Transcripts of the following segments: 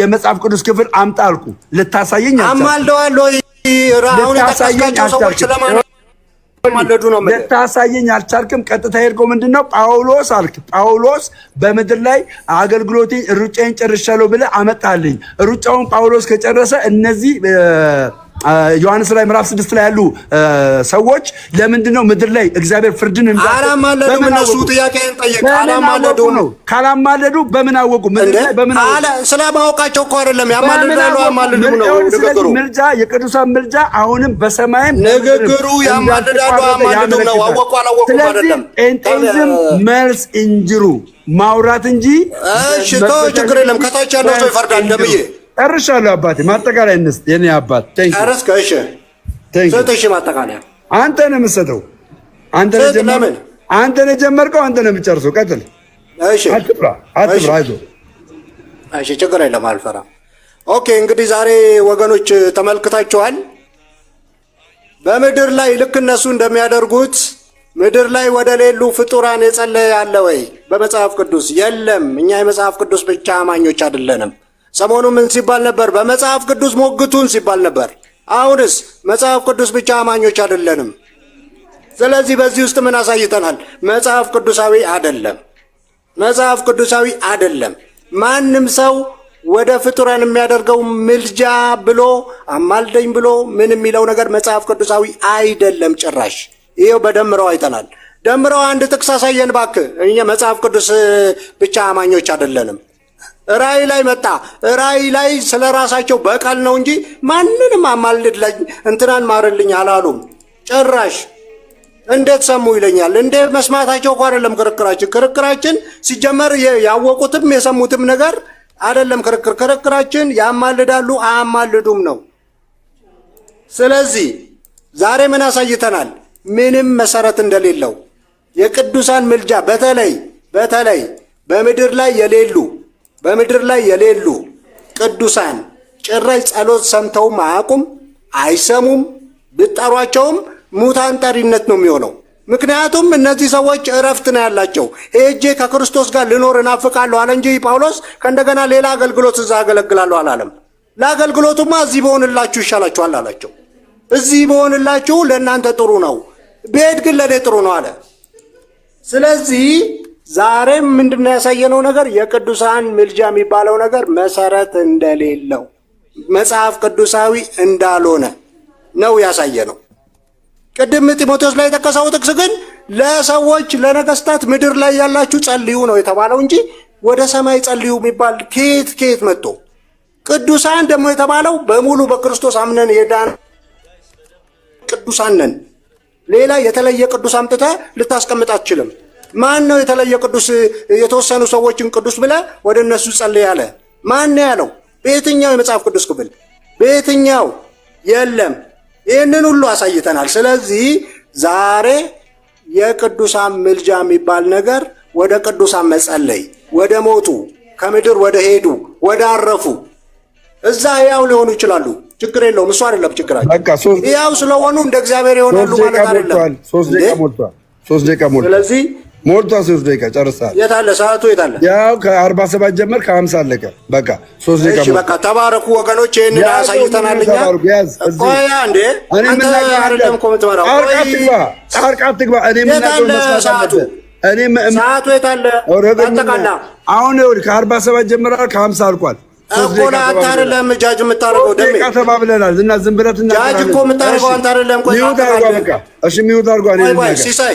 የመጽሐፍ ቅዱስ ክፍል አምጣ አልኩ። ልታሳየኝ ልታሳየኝ አልቻልክም። ቀጥታ ሄድከው ምንድን ነው ጳውሎስ አልክ። ጳውሎስ በምድር ላይ አገልግሎት ሩጫዬን ጨርሻለሁ ብለህ አመጣልኝ። ሩጫውን ጳውሎስ ከጨረሰ እነዚህ ዮሐንስ ላይ ምዕራፍ ስድስት ላይ ያሉ ሰዎች ለምንድን ነው ምድር ላይ እግዚአብሔር ፍርድን እንዳላማለዱ? እነሱ ጥያቄን አላማለዱ ነው። ካላማለዱ በምን አወቁ? ስለማወቃቸው እኮ አይደለም። ያማልዳሉ፣ ነው ምልጃ፣ የቅዱሳን ምልጃ አሁንም በሰማይም ንግግሩ ያማልዳሉ፣ ነው። አወቁ አላወቁ አይደለም። መልስ እንጅሩ ማውራት እንጂ እሺ፣ ችግር የለም። ከታች ያለው ሰው ይፈርዳል። ደምዬ ጨርሻለሁ አባቴ። ማጠቃለያ እንስጥ። የኔ አባት ጨረስክ? እሺ ስጥ። ማጠቃለያ አንተ ነው የምትሰጠው። አንተ ነው የጀመርከው፣ አንተ ነው የምትጨርሰው። ቀጥል። እሺ አትፍራ፣ አትፍራ። አይዞህ። እሺ ችግር የለም አልፈራም። ኦኬ እንግዲህ ዛሬ ወገኖች ተመልክታችኋል። በምድር ላይ ልክ እነሱ እንደሚያደርጉት ምድር ላይ ወደ ሌሉ ፍጡራን የጸለየ አለ ወይ? በመጽሐፍ ቅዱስ የለም። እኛ የመጽሐፍ ቅዱስ ብቻ አማኞች አይደለንም። ሰሞኑ ምን ሲባል ነበር? በመጽሐፍ ቅዱስ ሞግቱን ሲባል ነበር። አሁንስ መጽሐፍ ቅዱስ ብቻ አማኞች አይደለንም። ስለዚህ በዚህ ውስጥ ምን አሳይተናል? መጽሐፍ ቅዱሳዊ አይደለም። መጽሐፍ ቅዱሳዊ አይደለም። ማንም ሰው ወደ ፍጡራን የሚያደርገው ምልጃ ብሎ አማልደኝ ብሎ ምን የሚለው ነገር መጽሐፍ ቅዱሳዊ አይደለም ጭራሽ። ይሄው በደምረው አይተናል። ደምረው አንድ ጥቅስ አሳየን ባክ። እኛ መጽሐፍ ቅዱስ ብቻ አማኞች አይደለንም። ራእይ ላይ መጣ። ራእይ ላይ ስለ ራሳቸው በቀል ነው እንጂ ማንንም አማልድለኝ እንትናን ማርልኝ አላሉም። ጭራሽ እንዴት ሰሙ ይለኛል። እንደ መስማታቸው እኮ አይደለም ክርክራችን። ክርክራችን ሲጀመር ያወቁትም የሰሙትም ነገር አይደለም። ክርክር ክርክራችን ያማልዳሉ አያማልዱም ነው። ስለዚህ ዛሬ ምን አሳይተናል? ምንም መሰረት እንደሌለው የቅዱሳን ምልጃ በተለይ በተለይ በምድር ላይ የሌሉ በምድር ላይ የሌሉ ቅዱሳን ጭራሽ ጸሎት ሰምተውም አያውቁም፣ አይሰሙም። ብጠሯቸውም ሙታን ጠሪነት ነው የሚሆነው። ምክንያቱም እነዚህ ሰዎች እረፍት ነው ያላቸው። ሄጄ ከክርስቶስ ጋር ልኖር እናፍቃለሁ አለ እንጂ ጳውሎስ ከእንደገና ሌላ አገልግሎት እዛ አገለግላለሁ አላለም። ለአገልግሎቱማ እዚህ በሆንላችሁ ይሻላችኋል አላቸው። እዚህ በሆንላችሁ ለእናንተ ጥሩ ነው፣ ብሄድ ግን ለእኔ ጥሩ ነው አለ። ስለዚህ ዛሬም ምንድን ነው ያሳየነው ነገር የቅዱሳን ምልጃ የሚባለው ነገር መሰረት እንደሌለው መጽሐፍ ቅዱሳዊ እንዳልሆነ ነው ያሳየነው። ቅድም ጢሞቴዎስ ላይ የጠቀሰው ጥቅስ ግን ለሰዎች ለነገስታት ምድር ላይ ያላችሁ ጸልዩ ነው የተባለው እንጂ ወደ ሰማይ ጸልዩ የሚባል ከየት ከየት መጥቶ ቅዱሳን ደግሞ የተባለው በሙሉ በክርስቶስ አምነን የዳን ቅዱሳን ነን። ሌላ የተለየ ቅዱስ አምጥተ ልታስቀምጥ አትችልም። ማን ነው የተለየ ቅዱስ የተወሰኑ ሰዎችን ቅዱስ ብለ ወደ እነሱ ጸልይ ያለ ማን ነው ያለው? በየትኛው የመጽሐፍ ቅዱስ ክፍል? በየትኛው? የለም። ይህንን ሁሉ አሳይተናል። ስለዚህ ዛሬ የቅዱሳን ምልጃ የሚባል ነገር ወደ ቅዱሳን መጸለይ፣ ወደ ሞቱ ከምድር ወደ ሄዱ ወደ አረፉ እዛ ህያው ሊሆኑ ይችላሉ። ችግር የለውም። እሱ አይደለም ችግራቸው። ያው ስለሆኑ እንደ እግዚአብሔር ይሆናሉ ማለት አይደለም። ሶስት ደቂቃ ሞልቷል። ስለዚህ ሞልቷል። ሶስት ደቂቃ ጨርሳል። የት አለ ሰዓቱ? የት አለ? ያው ከአርባ ሰባት ጀመር ከሀምሳ አለቀ። በቃ ሶስት ደቂቃ በቃ። ተባረኩ ወገኖች፣ ይህንን አሳይተናል። እኔ ሰዓቱ እኔ ሰዓቱ አጠቃላ አሁን ይኸውልህ ከአርባ ሰባት ጀምራል ከሀምሳ አልቋል። እኮ አንተ አይደለም ጃጅ የምታደርገው። ደሜ ተባብለናል እና ዝም ብለህ ትናገራለህ። ጃጅ እኮ የምታደርገው አንተ አይደለም። ቆይ ሲሳይ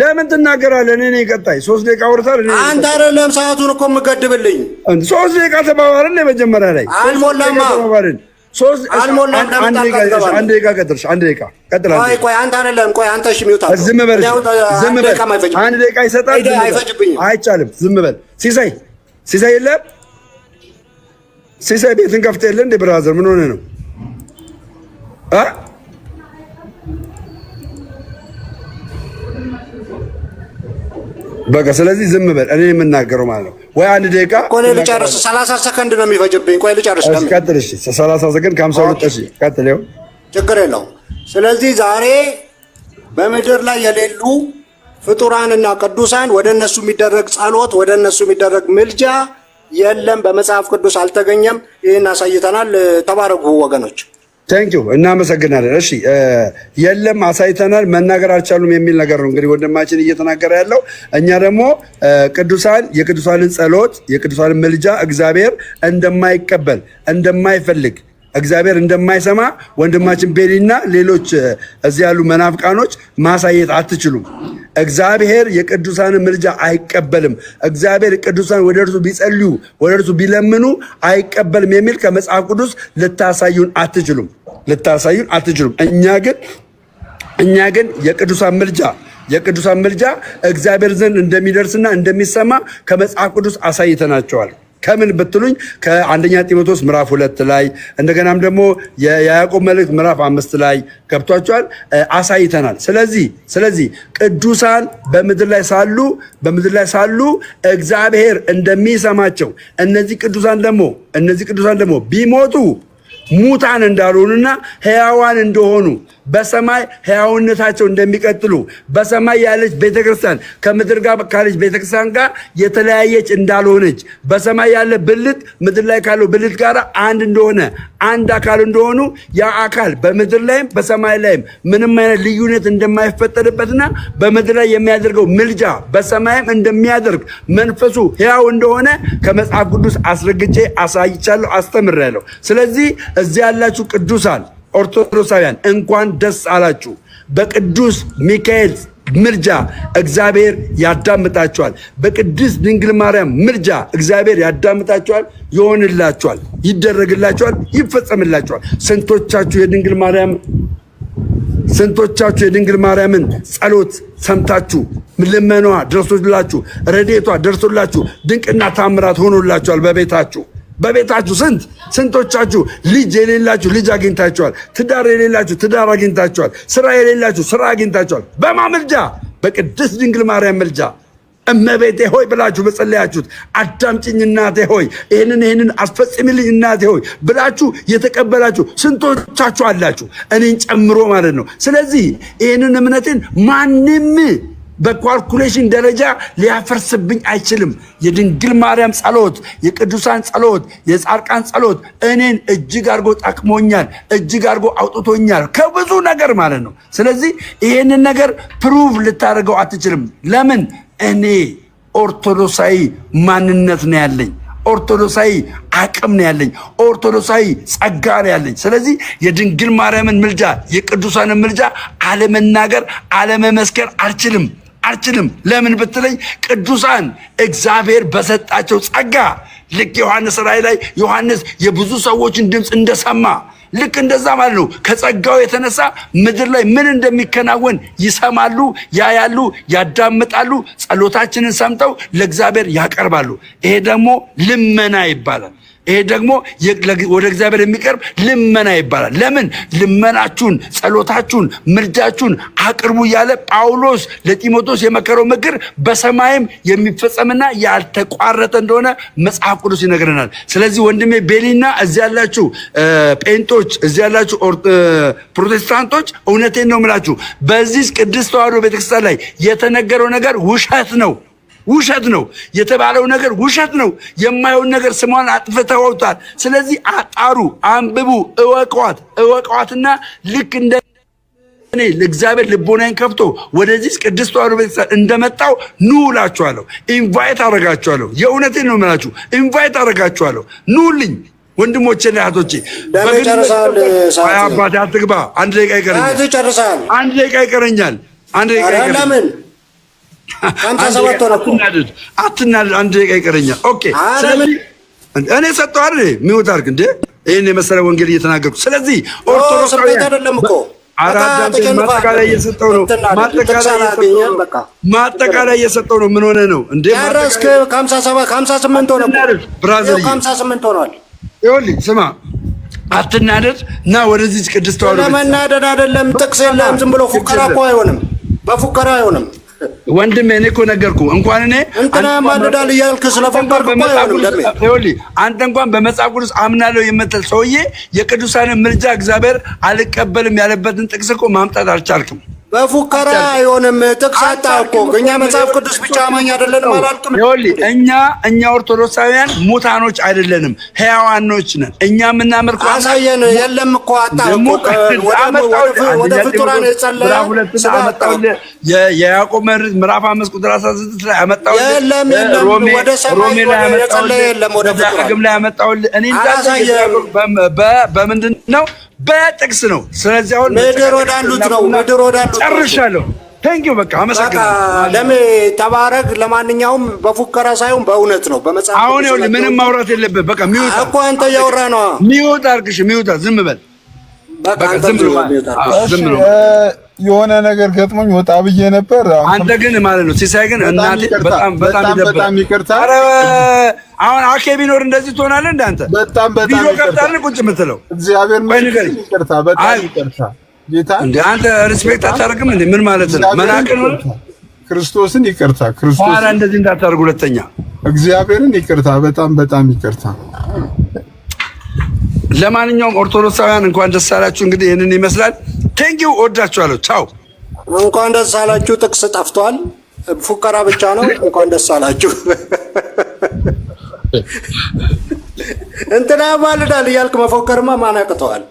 ለምን ትናገራለህ? እኔ ቀጣይ። ሶስት ደቂቃ ወርታል። እኔ አንተ አይደለም ሰዓቱን እኮ የምገድብልኝ። ሶስት ደቂቃ ተባባልን። መጀመሪያ ላይ አልሞላማ ሶስት አልሞላ። አንድ ደቂቃ አንድ ደቂቃ አይ ቆይ አንተ ቆይ አንተ እሺ፣ ዝም በል፣ ዝም በል። አንድ ደቂቃ ይሰጣል። አይቻልም። ዝም በል። ሲሳይ ሲሳይ ሲሳይ ቤትን ከፍተህ የለ እንደ ብራዘር ምን ሆነህ ነው? በቃ ስለዚህ ዝም በል። እኔ የምናገረው ማለት ነው ወይ አንድ ደቂቃ ቆይ ልጨርስ። ሰላሳ ሰከንድ ነው የሚፈጅብኝ። ቆይ ልጨርስ። ቀጥል። እሺ ሰላሳ ሰከንድ ከሀምሳ ሁለት እሺ፣ ቀጥል። ይኸው ችግር የለውም። ስለዚህ ዛሬ በምድር ላይ የሌሉ ፍጡራንና ቅዱሳን ወደ እነሱ የሚደረግ ጸሎት፣ ወደ እነሱ የሚደረግ ምልጃ የለም፣ በመጽሐፍ ቅዱስ አልተገኘም። ይህን አሳይተናል። ተባረጉ ወገኖች። እና እናመሰግናለን። እሺ የለም አሳይተናል፣ መናገር አልቻሉም የሚል ነገር ነው እንግዲህ ወንድማችን እየተናገረ ያለው። እኛ ደግሞ ቅዱሳን የቅዱሳንን ጸሎት የቅዱሳንን ምልጃ እግዚአብሔር እንደማይቀበል እንደማይፈልግ እግዚአብሔር እንደማይሰማ ወንድማችን ቤሊና ሌሎች እዚህ ያሉ መናፍቃኖች ማሳየት አትችሉም። እግዚአብሔር የቅዱሳን ምልጃ አይቀበልም። እግዚአብሔር ቅዱሳን ወደ እርሱ ቢጸልዩ ወደ እርሱ ቢለምኑ አይቀበልም የሚል ከመጽሐፍ ቅዱስ ልታሳዩን አትችሉም፣ ልታሳዩን አትችሉም። እኛ ግን እኛ ግን የቅዱሳን ምልጃ የቅዱሳን ምልጃ እግዚአብሔር ዘንድ እንደሚደርስና እንደሚሰማ ከመጽሐፍ ቅዱስ አሳይተናቸዋል። ከምን ብትሉኝ ከአንደኛ ጢሞቴዎስ ምዕራፍ ሁለት ላይ እንደገናም ደግሞ የያዕቆብ መልእክት ምዕራፍ አምስት ላይ ገብቷቸዋል አሳይተናል። ስለዚህ ስለዚህ ቅዱሳን በምድር ላይ ሳሉ በምድር ላይ ሳሉ እግዚአብሔር እንደሚሰማቸው እነዚህ ቅዱሳን ደግሞ እነዚህ ቅዱሳን ደግሞ ቢሞቱ ሙታን እንዳልሆኑና ሕያዋን እንደሆኑ በሰማይ ሕያውነታቸው እንደሚቀጥሉ በሰማይ ያለች ቤተክርስቲያን ከምድር ጋር ካለች ቤተክርስቲያን ጋር የተለያየች እንዳልሆነች በሰማይ ያለ ብልት ምድር ላይ ካለው ብልት ጋር አንድ እንደሆነ አንድ አካል እንደሆኑ ያ አካል በምድር ላይም በሰማይ ላይም ምንም አይነት ልዩነት እንደማይፈጠርበትና በምድር ላይ የሚያደርገው ምልጃ በሰማይም እንደሚያደርግ መንፈሱ ሕያው እንደሆነ ከመጽሐፍ ቅዱስ አስረግጬ አሳይቻለሁ፣ አስተምሬያለሁ። ስለዚህ እዚህ ያላችሁ ቅዱሳን ኦርቶዶክሳውያን እንኳን ደስ አላችሁ። በቅዱስ ሚካኤል ምልጃ እግዚአብሔር ያዳምጣችኋል። በቅድስት ድንግል ማርያም ምልጃ እግዚአብሔር ያዳምጣችኋል። ይሆንላችኋል፣ ይደረግላችኋል፣ ይፈጸምላችኋል። ስንቶቻችሁ የድንግል ማርያም ስንቶቻችሁ የድንግል ማርያምን ጸሎት ሰምታችሁ ልመኗ ደርሶላችሁ ረዴቷ ደርሶላችሁ ድንቅና ታምራት ሆኖላችኋል በቤታችሁ በቤታችሁ ስንት ስንቶቻችሁ ልጅ የሌላችሁ ልጅ አግኝታችኋል? ትዳር የሌላችሁ ትዳር አግኝታችኋል? ስራ የሌላችሁ ስራ አግኝታችኋል? በማመልጃ በቅድስት ድንግል ማርያም ምልጃ እመቤቴ ሆይ ብላችሁ በጸለያችሁት አዳምጭኝ እናቴ ሆይ ይህንን ይህንን አስፈጽሚልኝ እናቴ ሆይ ብላችሁ የተቀበላችሁ ስንቶቻችሁ አላችሁ? እኔን ጨምሮ ማለት ነው። ስለዚህ ይህንን እምነትን ማንም በኳልኩሌሽን ደረጃ ሊያፈርስብኝ አይችልም። የድንግል ማርያም ጸሎት፣ የቅዱሳን ጸሎት፣ የጻድቃን ጸሎት እኔን እጅግ አድርጎ ጠቅሞኛል፣ እጅግ አድርጎ አውጥቶኛል ከብዙ ነገር ማለት ነው። ስለዚህ ይሄንን ነገር ፕሩቭ ልታደርገው አትችልም። ለምን? እኔ ኦርቶዶክሳዊ ማንነት ነው ያለኝ ኦርቶዶክሳዊ አቅም ነው ያለኝ። ኦርቶዶክሳዊ ጸጋ ነው ያለኝ። ስለዚህ የድንግል ማርያምን ምልጃ፣ የቅዱሳንን ምልጃ አለመናገር፣ አለመመስከር አልችልም። አልችልም። ለምን ብትለኝ ቅዱሳን እግዚአብሔር በሰጣቸው ጸጋ ልክ ዮሐንስ ራእይ ላይ ዮሐንስ የብዙ ሰዎችን ድምፅ እንደሰማ ልክ እንደዛ ማለት ነው። ከጸጋው የተነሳ ምድር ላይ ምን እንደሚከናወን ይሰማሉ፣ ያያሉ፣ ያዳምጣሉ፣ ጸሎታችንን ሰምተው ለእግዚአብሔር ያቀርባሉ። ይሄ ደግሞ ልመና ይባላል። ይሄ ደግሞ ወደ እግዚአብሔር የሚቀርብ ልመና ይባላል። ለምን ልመናችሁን፣ ጸሎታችሁን፣ ምልጃችሁን አቅርቡ እያለ ጳውሎስ ለጢሞቴዎስ የመከረው ምክር በሰማይም የሚፈጸምና ያልተቋረጠ እንደሆነ መጽሐፍ ቅዱስ ይነግረናል። ስለዚህ ወንድሜ ቤሊና እዚ ያላችሁ ጴንጦች፣ እዚ ያላችሁ ፕሮቴስታንቶች እውነቴን ነው የምላችሁ በዚህ ቅድስት ተዋዶ ቤተክርስቲያን ላይ የተነገረው ነገር ውሸት ነው። ውሸት ነው የተባለው ነገር ውሸት ነው። የማየውን ነገር ስሟን አጥፍተውታል። ስለዚህ አጣሩ፣ አንብቡ፣ እወቋት እወቋትና ልክ እንደ እኔ ለእግዚአብሔር ልቦናዬን ከፍቶ ወደዚህ ቅዱስ ተዋሕዶ ቤተሰብ እንደመጣው ኑ እላችኋለሁ። ኢንቫይት አረጋችኋለሁ። የእውነቴን ነው የምላችሁ። ኢንቫይት አረጋችኋለሁ። ኑልኝ ወንድሞቼና እህቶቼ። አባቴ አትግባ። አንድ ደቂቃ ይቀረኛል። አንድ ደቂቃ ይቀረኛል። አንድ ደቂቃ ይቀረኛል። አትናደድ፣ አንድ ደቂቃ ይቀረኛል። ኦኬ እኔ ሰጠሁ አይደል? የሚወጣ አድርግ እንደ ይህን የመሰለ ወንጌል እየተናገርኩ ስለዚህ ኦርቶዶክሳዊ አይደለም እኮ ማጠቃላይ እየሰጠው ነው። ማጠቃላይ እየሰጠው ነው። ምን ሆነ ነው እንዴ? ይኸውልህ ስማ፣ አትናደድ እና ወደዚህ ቅድስት ተዋሕዶ ለመናደድ አይደለም። ጥቅስ የለም። ዝም ብሎ ፉከራ እኮ አይሆንም፣ በፉከራ አይሆንም። ወንድሜ እኔ እኮ ነገርኩ እንኳን እኔ እንትና ማንዳል እያልክ ስለፈንበርክ አንተ እንኳን በመጽሐፍ ቅዱስ አምናለሁ የምትል ሰውዬ የቅዱሳን ምልጃ እግዚአብሔር አልቀበልም ያለበትን ጥቅስ እኮ ማምጣት አልቻልክም። በፉከራ አይሆንም። ጥቅስ አጣ እኮ እኛ መጽሐፍ ቅዱስ ብቻ አማኝ አይደለንም አላልክም? ይኸውልህ እኛ እኛ ኦርቶዶክሳውያን ሙታኖች አይደለንም፣ ሕያዋኖች ነን። እኛ የምናመልከው አሳየን። የለም እኮ አጣ እኮ ወደ ፍጡራን የጸለየ የያዕቆብ መልእክት ምዕራፍ አምስት ቁጥር አስራ ስድስት ላይ አመጣው። ሮሜ ላይ አመጣው። እኔ በምንድን ነው? በጥቅስ ነው። ስለዚህ አሁን ምድር ወዳሉት ነው። ምድር ወዳሉት ጨርሻለሁ። ቴንኪው በቃ አመሰግናለሁ። ለምን ተባረክ። ለማንኛውም በፉከራ ሳይሆን በእውነት ነው። በመጽሐፍ አሁን ይኸውልህ፣ ምንም ማውራት የለብህ። በቃ ሚውት እኮ አንተ እያወራህ ነው። ሚውት አድርግሽ፣ ሚውት ዝም በል በቃ ዝም ብሎ ዝም ብሎ የሆነ ነገር ገጥሞኝ ወጣ ብዬ ነበር። አንተ ግን ማለት ነው ሲሳይ ግን እናቴ በጣም በጣም በጣም ይቅርታ። አረ አሁን አኬ ቢኖር እንደዚህ ትሆናለህ። እንዳንተ በጣም በጣም ቪዲዮ ከብታለህ ቁጭ የምትለው እግዚአብሔር ይመስገን። ይቅርታ፣ በጣም ይቅርታ። ጌታ እንደ አንተ ሪስፔክት አታደርግም እንዴ? ምን ማለት ነው? መናቅን ክርስቶስን ይቅርታ። ክርስቶስ ኧረ እንደዚህ እንዳታደርግ ሁለተኛ። እግዚአብሔርን ይቅርታ፣ በጣም በጣም ይቅርታ። ለማንኛውም ኦርቶዶክሳውያን እንኳን ደስ አላችሁ። እንግዲህ ይህንን ይመስላል። ቴንኪው፣ ወዳችኋለሁ። ቻው። እንኳን ደስ አላችሁ። ጥቅስ ጠፍቷል። ፉከራ ብቻ ነው። እንኳን ደስ አላችሁ። እንትና ያማልዳል እያልክ መፎከርማ ማን ያቅተዋል?